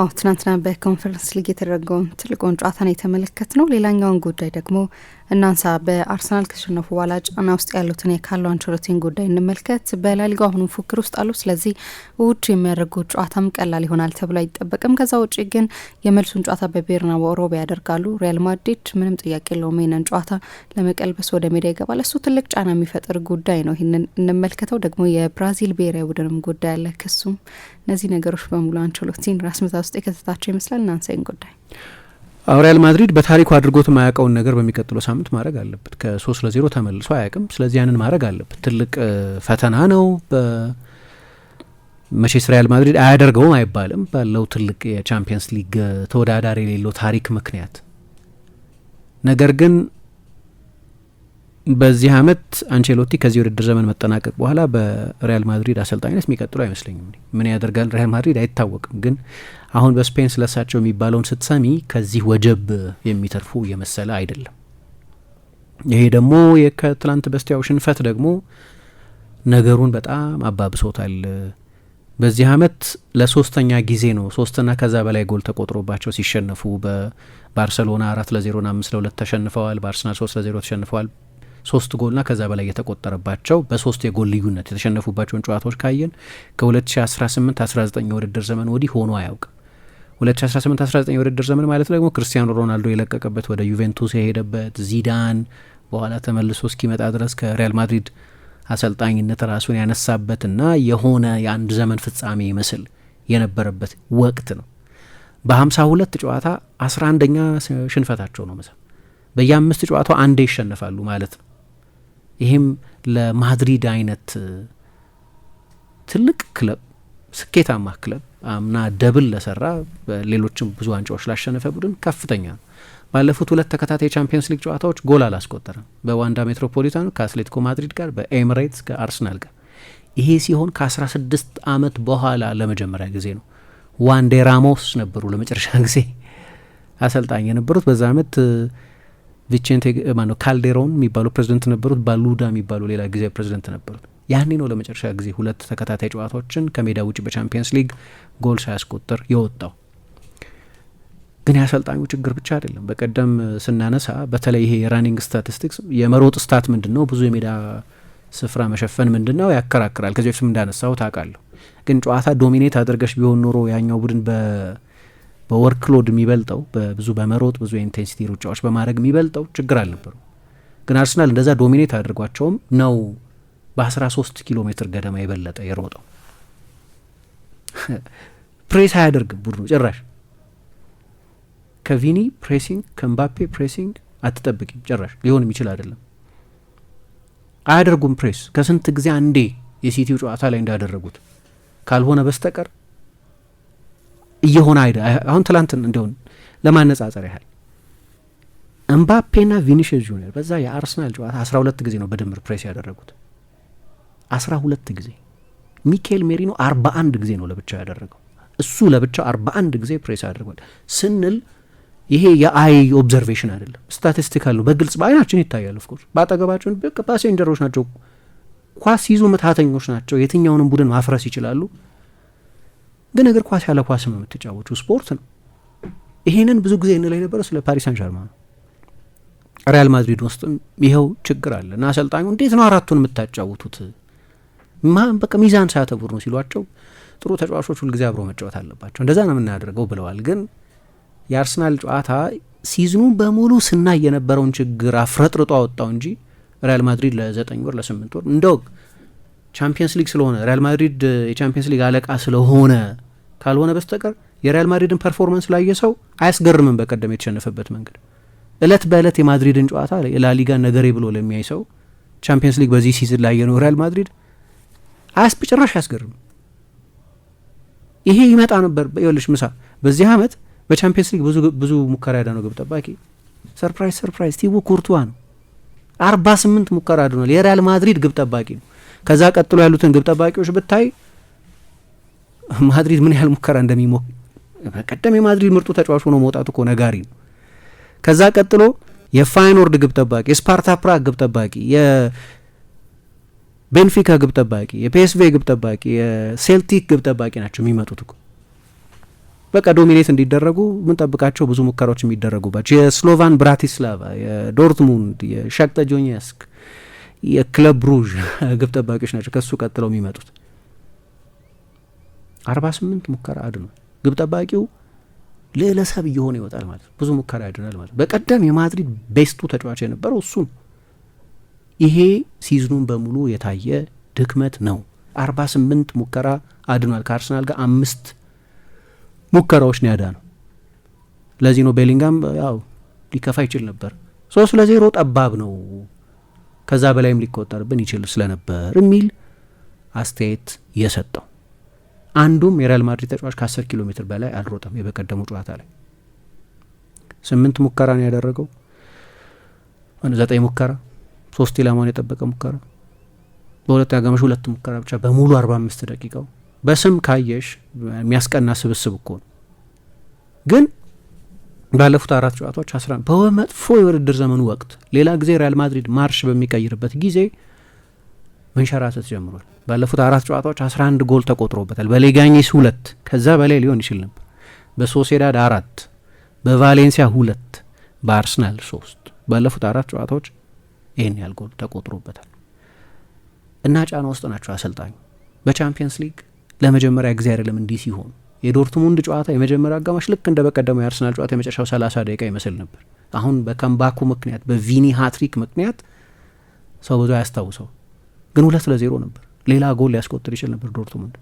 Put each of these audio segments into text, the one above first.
አዎ ትናንትና በኮንፈረንስ ሊግ የተደረገውን ትልቁን ጨዋታ ነው የተመለከት ነው። ሌላኛውን ጉዳይ ደግሞ እናንሳ። በአርሰናል ከተሸነፉ በኋላ ጫና ውስጥ ያሉትን የካርሎ አንቸሎቲን ጉዳይ እንመልከት። በላሊጋው አሁኑ ፉክክር ውስጥ አሉ። ስለዚህ እሁድ የሚያደርጉ ጨዋታም ቀላል ይሆናል ተብሎ አይጠበቅም። ከዛ ውጭ ግን የመልሱን ጨዋታ በቤርናቡ ሮብ ያደርጋሉ። ሪያል ማድሪድ ምንም ጥያቄ የለውም ይህንን ጨዋታ ለመቀልበስ ወደ ሜዳ ይገባል። እሱ ትልቅ ጫና የሚፈጥር ጉዳይ ነው። ይህንን እንመልከተው። ደግሞ የብራዚል ብሔራዊ ቡድንም ጉዳይ አለ። ክሱም እነዚህ ነገሮች በሙሉ አንቸሎቲን ራስ ምታት ውስጥ የከተታቸው ይመስላል። እናንሳ ጉዳይ አሁን ሪያል ማድሪድ በታሪኩ አድርጎት የማያውቀውን ነገር በሚቀጥለው ሳምንት ማድረግ አለበት። ከሶስት ለዜሮ ተመልሶ አያውቅም። ስለዚህ ያንን ማድረግ አለበት። ትልቅ ፈተና ነው። በመቼስ ሪያል ማድሪድ አያደርገውም አይባልም። ባለው ትልቅ የቻምፒየንስ ሊግ ተወዳዳሪ የሌለው ታሪክ ምክንያት ነገር ግን በዚህ አመት አንቸሎቲ ከዚህ ውድድር ዘመን መጠናቀቅ በኋላ በሪያል ማድሪድ አሰልጣኝነት የሚቀጥሉ አይመስለኝም። ምን ያደርጋል ሪያል ማድሪድ አይታወቅም። ግን አሁን በስፔን ስለሳቸው የሚባለውን ስትሰሚ ከዚህ ወጀብ የሚተርፉ የመሰለ አይደለም። ይሄ ደግሞ የከትላንት በስቲያው ሽንፈት ደግሞ ነገሩን በጣም አባብሶታል። በዚህ አመት ለሶስተኛ ጊዜ ነው ሶስትና ከዛ በላይ ጎል ተቆጥሮባቸው ሲሸነፉ። በባርሰሎና አራት ለዜሮና አምስት ለሁለት ተሸንፈዋል። በአርሰናል ሶስት ለዜሮ ተሸንፈዋል። ሶስት ጎልና ከዛ በላይ የተቆጠረባቸው በሶስት የጎል ልዩነት የተሸነፉባቸውን ጨዋታዎች ካየን ከ2018 19 የውድድር ዘመን ወዲህ ሆኖ አያውቅም። 2018 19 የውድድር ዘመን ማለት ደግሞ ክርስቲያኖ ሮናልዶ የለቀቀበት ወደ ዩቬንቱስ የሄደበት ዚዳን በኋላ ተመልሶ እስኪመጣ ድረስ ከሪያል ማድሪድ አሰልጣኝነት ራሱን ያነሳበትና የሆነ የአንድ ዘመን ፍጻሜ ይመስል የነበረበት ወቅት ነው። በሀምሳ ሁለት ጨዋታ አስራ አንደኛ ሽንፈታቸው ነው መሰል በየአምስት ጨዋታው አንዴ ይሸነፋሉ ማለት ነው። ይሄም ለማድሪድ አይነት ትልቅ ክለብ ስኬታማ ክለብ አምና ደብል ለሰራ በሌሎችም ብዙ ዋንጫዎች ላሸነፈ ቡድን ከፍተኛ ነው። ባለፉት ሁለት ተከታታይ የቻምፒየንስ ሊግ ጨዋታዎች ጎል አላስቆጠረም። በዋንዳ ሜትሮፖሊታኑ ከአትሌቲኮ ማድሪድ ጋር፣ በኤምሬትስ ከአርሰናል ጋር። ይሄ ሲሆን ከ16 ዓመት በኋላ ለመጀመሪያ ጊዜ ነው። ዋንዴ ራሞስ ነበሩ ለመጨረሻ ጊዜ አሰልጣኝ የነበሩት በዛ አመት ቪቼንቴ ነው ካልዴሮን የሚባሉ ፕሬዚደንት ነበሩት። ባሉዳ የሚባሉ ሌላ ጊዜ ፕሬዚደንት ነበሩት። ያኔ ነው ለመጨረሻ ጊዜ ሁለት ተከታታይ ጨዋታዎችን ከሜዳ ውጭ በቻምፒየንስ ሊግ ጎል ሳያስቆጥር የወጣው። ግን የአሰልጣኙ ችግር ብቻ አይደለም። በቀደም ስናነሳ በተለይ ይሄ የራኒንግ ስታቲስቲክስ የመሮጥ ስታት ምንድን ነው፣ ብዙ የሜዳ ስፍራ መሸፈን ምንድን ነው ያከራክራል። ከዚህ በፊትም እንዳነሳው ታውቃለሁ። ግን ጨዋታ ዶሚኔት አድርገሽ ቢሆን ኖሮ ያኛው ቡድን በ በወርክሎድ የሚበልጠው ብዙ በመሮጥ ብዙ የኢንቴንሲቲ ሩጫዎች በማድረግ የሚበልጠው ችግር አልነበሩ። ግን አርሰናል እንደዛ ዶሚኔት አድርጓቸውም ነው በ13 ኪሎ ሜትር ገደማ የበለጠ የሮጠው። ፕሬስ አያደርግም ቡድኑ ጭራሽ። ከቪኒ ፕሬሲንግ ከምባፔ ፕሬሲንግ አትጠብቂም ጭራሽ። ሊሆን የሚችል አይደለም። አያደርጉም ፕሬስ ከስንት ጊዜ አንዴ የሲቲው ጨዋታ ላይ እንዳደረጉት ካልሆነ በስተቀር እየሆነ አይደ አሁን ትላንትን እንዲሆን ለማነጻጸር ያህል እምባፔና ቪኒሽስ ጁኒየር በዛ የአርሰናል ጨዋታ አስራ ሁለት ጊዜ ነው በድምር ፕሬስ ያደረጉት አስራ ሁለት ጊዜ ሚካኤል ሜሪኖ አርባ አንድ ጊዜ ነው ለብቻው ያደረገው እሱ ለብቻው አርባ አንድ ጊዜ ፕሬስ ያደርጓል ስንል ይሄ የአይ ኦብዘርቬሽን አይደለም ስታቲስቲካል ነው በግልጽ በአይናችን ይታያል ኦፍኮርስ በአጠገባችን ፓሴንጀሮች ናቸው ኳስ ይዞ መታተኞች ናቸው የትኛውንም ቡድን ማፍረስ ይችላሉ ግን እግር ኳስ ያለ ኳስ ነው የምትጫወቱ ስፖርት ነው። ይሄንን ብዙ ጊዜ እንላይ የነበረው ስለ ፓሪስ ሳን ነው። ሪያል ማድሪድ ውስጥም ይኸው ችግር አለ እና አሰልጣኙ እንዴት ነው አራቱን የምታጫውቱት? በቃ ሚዛን ሳያተ ቡድኑ ሲሏቸው ጥሩ ተጫዋቾች ሁልጊዜ አብሮ መጫወት አለባቸው እንደዛ ነው የምናደርገው ብለዋል። ግን የአርሰናል ጨዋታ ሲዝኑ በሙሉ ስናይ የነበረውን ችግር አፍረጥርጦ አወጣው እንጂ ሪያል ማድሪድ ለዘጠኝ ወር ለስምንት ወር እንደው ቻምፒየንስ ሊግ ስለሆነ ሪያል ማድሪድ የቻምፒየንስ ሊግ አለቃ ስለሆነ ካልሆነ በስተቀር የሪያል ማድሪድን ፐርፎርማንስ ላየ ሰው አያስገርምም። በቀደም የተሸነፈበት መንገድ እለት በእለት የማድሪድን ጨዋታ ላሊጋ ነገሬ ብሎ ለሚያይ ሰው ቻምፒየንስ ሊግ በዚህ ሲዝን ላየ ነው ሪያል ማድሪድ አያስብ ጭራሽ አያስገርም። ይሄ ይመጣ ነበር። ይኸውልሽ ምሳ በዚህ አመት በቻምፒየንስ ሊግ ብዙ ብዙ ሙከራ ያዳነው ግብ ጠባቂ ሰርፕራይዝ ሰርፕራይዝ ቲቡ ኩርቱዋ ነው። አርባ ስምንት ሙከራ አድኗል። የሪያል ማድሪድ ግብ ጠባቂ ነው። ከዛ ቀጥሎ ያሉትን ግብ ጠባቂዎች ብታይ ማድሪድ ምን ያህል ሙከራ እንደሚሞክ በቀደም የማድሪድ ምርጡ ተጫዋች ሆኖ መውጣቱ እኮ ነጋሪ ነው። ከዛ ቀጥሎ የፋይኖርድ ግብ ጠባቂ፣ የስፓርታ ፕራግ ግብ ጠባቂ፣ የቤንፊካ ግብ ጠባቂ፣ የፒኤስቬ ግብ ጠባቂ፣ የሴልቲክ ግብ ጠባቂ ናቸው የሚመጡት እኮ በቃ ዶሚኔት እንዲደረጉ ጠብቃቸው ብዙ ሙከራዎች የሚደረጉባቸው የስሎቫን ብራቲስላቫ፣ የዶርትሙንድ፣ የሻክታ ጆኔስክ የክለብ ብሩዥ ግብ ጠባቂዎች ናቸው ከሱ ቀጥለው የሚመጡት። አርባ ስምንት ሙከራ አድኗል። ግብ ጠባቂው ልዕለሰብ እየሆነ ይወጣል ማለት ነው። ብዙ ሙከራ ያድናል ማለት ነው። በቀደም የማድሪድ ቤስቱ ተጫዋች የነበረው እሱ ነው። ይሄ ሲዝኑን በሙሉ የታየ ድክመት ነው። አርባ ስምንት ሙከራ አድኗል። ከአርሰናል ጋር አምስት ሙከራዎች ነው ያዳ ነው። ለዚህ ነው ቤሊንጋም ያው ሊከፋ ይችል ነበር። ሶስት ለዜሮ ጠባብ ነው። ከዛ በላይም ሊቆጠርብን ይችል ስለነበር የሚል አስተያየት የሰጠው አንዱም የሪያል ማድሪድ ተጫዋች ከ10 ኪሎ ሜትር በላይ አልሮጠም። የበቀደሙ ጨዋታ ላይ ስምንት ሙከራ ነው ያደረገው፣ ዘጠኝ ሙከራ፣ ሶስት ኢላማን የጠበቀ ሙከራ፣ በሁለት አጋማሽ ሁለት ሙከራ ብቻ በሙሉ አርባ አምስት ደቂቃው በስም ካየሽ የሚያስቀና ስብስብ እኮ ነው ግን ባለፉት አራት ጨዋታዎች አስራ በመጥፎ የውድድር ዘመኑ ወቅት ሌላ ጊዜ ሪያል ማድሪድ ማርሽ በሚቀይርበት ጊዜ መንሸራተት ጀምሯል። ባለፉት አራት ጨዋታዎች አንድ ጎል ተቆጥሮበታል። በሌጋኝስ ሁለት ከዛ በላይ ሊሆን ይችል ነበር። በሶሴዳድ አራት፣ በቫሌንሲያ ሁለት፣ በአርስናል ሶስት። ባለፉት አራት ጨዋታዎች ይህን ያህል ጎል ተቆጥሮበታል እና ጫና ውስጥ ናቸው አሰልጣኙ። በቻምፒየንስ ሊግ ለመጀመሪያ ጊዜ አይደለም እንዲህ ሲሆኑ የዶርትሙንድ ጨዋታ የመጀመሪያው አጋማሽ ልክ እንደ በቀደመው የአርሰናል ጨዋታ የመጨረሻው 30 ደቂቃ ይመስል ነበር። አሁን በከምባኩ ምክንያት በቪኒ ሀትሪክ ምክንያት ሰው ብዙ አያስታውሰው፣ ግን ሁለት ለዜሮ ነበር። ሌላ ጎል ሊያስቆጥር ይችል ነበር ዶርትሙንድ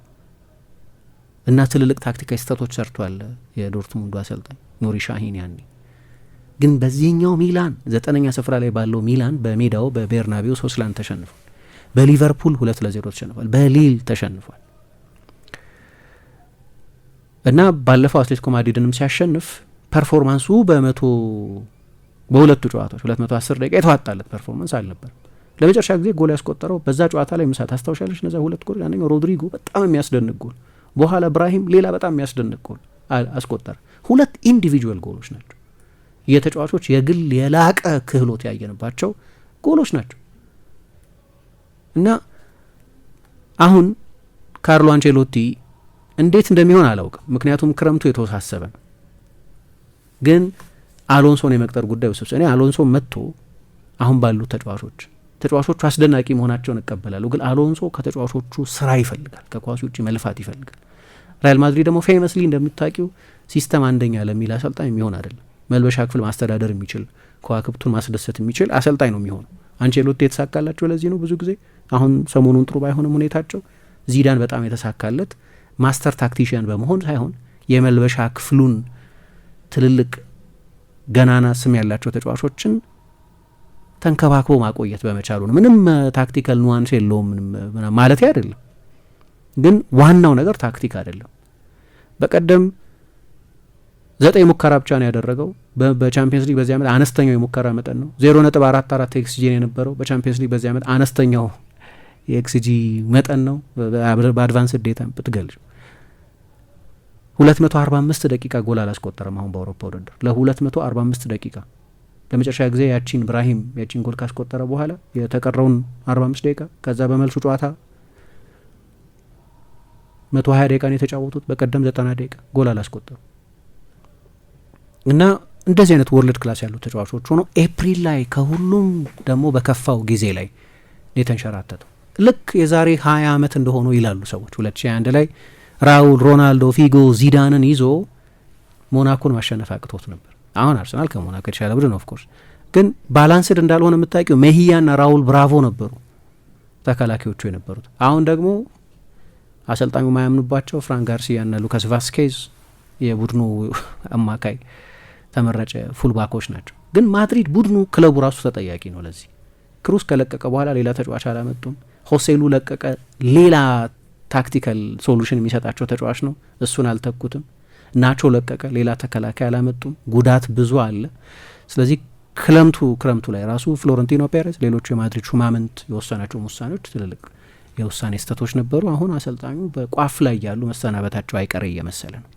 እና ትልልቅ ታክቲካዊ ስህተቶች ሰርቷል የዶርትሙንዱ አሰልጣኝ ኑሪ ሻሂን ያኔ። ግን በዚህኛው ሚላን ዘጠነኛ ስፍራ ላይ ባለው ሚላን በሜዳው በቤርናቢው ሶስት ለአንድ ተሸንፏል። በሊቨርፑል ሁለት ለዜሮ ተሸንፏል። በሊል ተሸንፏል። እና ባለፈው አትሌቲኮ ማድሪድንም ሲያሸንፍ ፐርፎርማንሱ በመቶ በሁለቱ ጨዋታዎች ሁለት መቶ አስር ደቂቃ የተዋጣለት ፐርፎርማንስ አልነበር። ለመጨረሻ ጊዜ ጎል ያስቆጠረው በዛ ጨዋታ ላይ ምሳ ታስታውሻለች። እነዚ ሁለት ጎል አንደኛው ሮድሪጎ በጣም የሚያስደንቅ ጎል፣ በኋላ ብራሂም ሌላ በጣም የሚያስደንቅ ጎል አስቆጠረ። ሁለት ኢንዲቪጁዋል ጎሎች ናቸው። የተጫዋቾች የግል የላቀ ክህሎት ያየንባቸው ጎሎች ናቸው እና አሁን ካርሎ አንቸሎቲ እንዴት እንደሚሆን አላውቅም፣ ምክንያቱም ክረምቱ የተወሳሰበ ነው። ግን አሎንሶን የመቅጠር ጉዳይ ውስብስብ። እኔ አሎንሶ መጥቶ አሁን ባሉት ተጫዋቾች ተጫዋቾቹ አስደናቂ መሆናቸውን እቀበላለሁ። ግን አሎንሶ ከተጫዋቾቹ ስራ ይፈልጋል፣ ከኳስ ውጭ መልፋት ይፈልጋል። ሪያል ማድሪድ ደግሞ ፌመስሊ እንደምታውቂው ሲስተም አንደኛ ለሚል አሰልጣኝ የሚሆን አይደለም። መልበሻ ክፍል ማስተዳደር የሚችል ከዋክብቱን ማስደሰት የሚችል አሰልጣኝ ነው የሚሆነው። አንቼሎቲ የተሳካላቸው ለዚህ ነው። ብዙ ጊዜ አሁን ሰሞኑን ጥሩ ባይሆንም ሁኔታቸው ዚዳን በጣም የተሳካለት ማስተር ታክቲሽያን በመሆን ሳይሆን የመልበሻ ክፍሉን ትልልቅ ገናና ስም ያላቸው ተጫዋቾችን ተንከባክቦ ማቆየት በመቻሉ ነው። ምንም ታክቲካል uh, ኑዋንስ የለውም uh, ማለት አይደለም፣ ግን ዋናው ነገር ታክቲክ አይደለም። በቀደም ዘጠኝ ሙከራ ብቻ ነው ያደረገው በቻምፒየንስ ሊግ በዚህ ዓመት አነስተኛው የሙከራ መጠን ነው። ዜሮ ነጥብ አራት አራት ኤክስጂን የነበረው በቻምፒየንስ ሊግ በዚህ ዓመት አነስተኛው የኤክስጂ መጠን ነው በአድቫንስ ዴታ ብትገልጭ። ሁለት መቶ አርባ አምስት ደቂቃ ጎል አላስቆጠረም አሁን በአውሮፓ ውድድር ለሁለት መቶ አርባ አምስት ደቂቃ ለመጨረሻ ጊዜ ያቺን ብራሂም ያቺን ጎል ካስቆጠረ በኋላ የተቀረውን አርባ አምስት ደቂቃ ከዛ በመልሱ ጨዋታ መቶ ሀያ ደቂቃ ነው የተጫወቱት። በቀደም ዘጠና ደቂቃ ጎል አላስቆጠሩ እና እንደዚህ አይነት ወርልድ ክላስ ያሉ ተጫዋቾች ሆነው ኤፕሪል ላይ ከሁሉም ደግሞ በከፋው ጊዜ ላይ የተንሸራተተው። ልክ የዛሬ 20 ዓመት እንደሆኑ ይላሉ ሰዎች። 2021 ላይ ራውል፣ ሮናልዶ፣ ፊጎ፣ ዚዳንን ይዞ ሞናኮን ማሸነፍ አቅቶት ነበር። አሁን አርሰናል ከሞናኮ የተሻለ ቡድን ኦፍኮርስ፣ ግን ባላንስድ እንዳልሆነ የምታውቂው መሂያና ራውል ብራቮ ነበሩ ተከላካዮቹ የነበሩት። አሁን ደግሞ አሰልጣኙ ማያምኑባቸው ፍራንክ ጋርሲያና ሉካስ ቫስኬዝ የቡድኑ አማካይ ተመረጨ ፉልባኮች ናቸው። ግን ማድሪድ ቡድኑ ክለቡ ራሱ ተጠያቂ ነው ለዚህ ክሩስ ከለቀቀ በኋላ ሌላ ተጫዋች አላመጡም። ሆሴሉ ለቀቀ፣ ሌላ ታክቲካል ሶሉሽን የሚሰጣቸው ተጫዋች ነው። እሱን አልተኩትም። ናቾ ለቀቀ፣ ሌላ ተከላካይ አላመጡም። ጉዳት ብዙ አለ። ስለዚህ ክለምቱ ክረምቱ ላይ ራሱ ፍሎረንቲኖ ፔሬዝ፣ ሌሎቹ የማድሪድ ሹማምንት የወሰናቸውን ውሳኔዎች ትልልቅ የውሳኔ ስህተቶች ነበሩ። አሁን አሰልጣኙ በቋፍ ላይ ያሉ መሰናበታቸው አይቀር እየመሰለ ነው።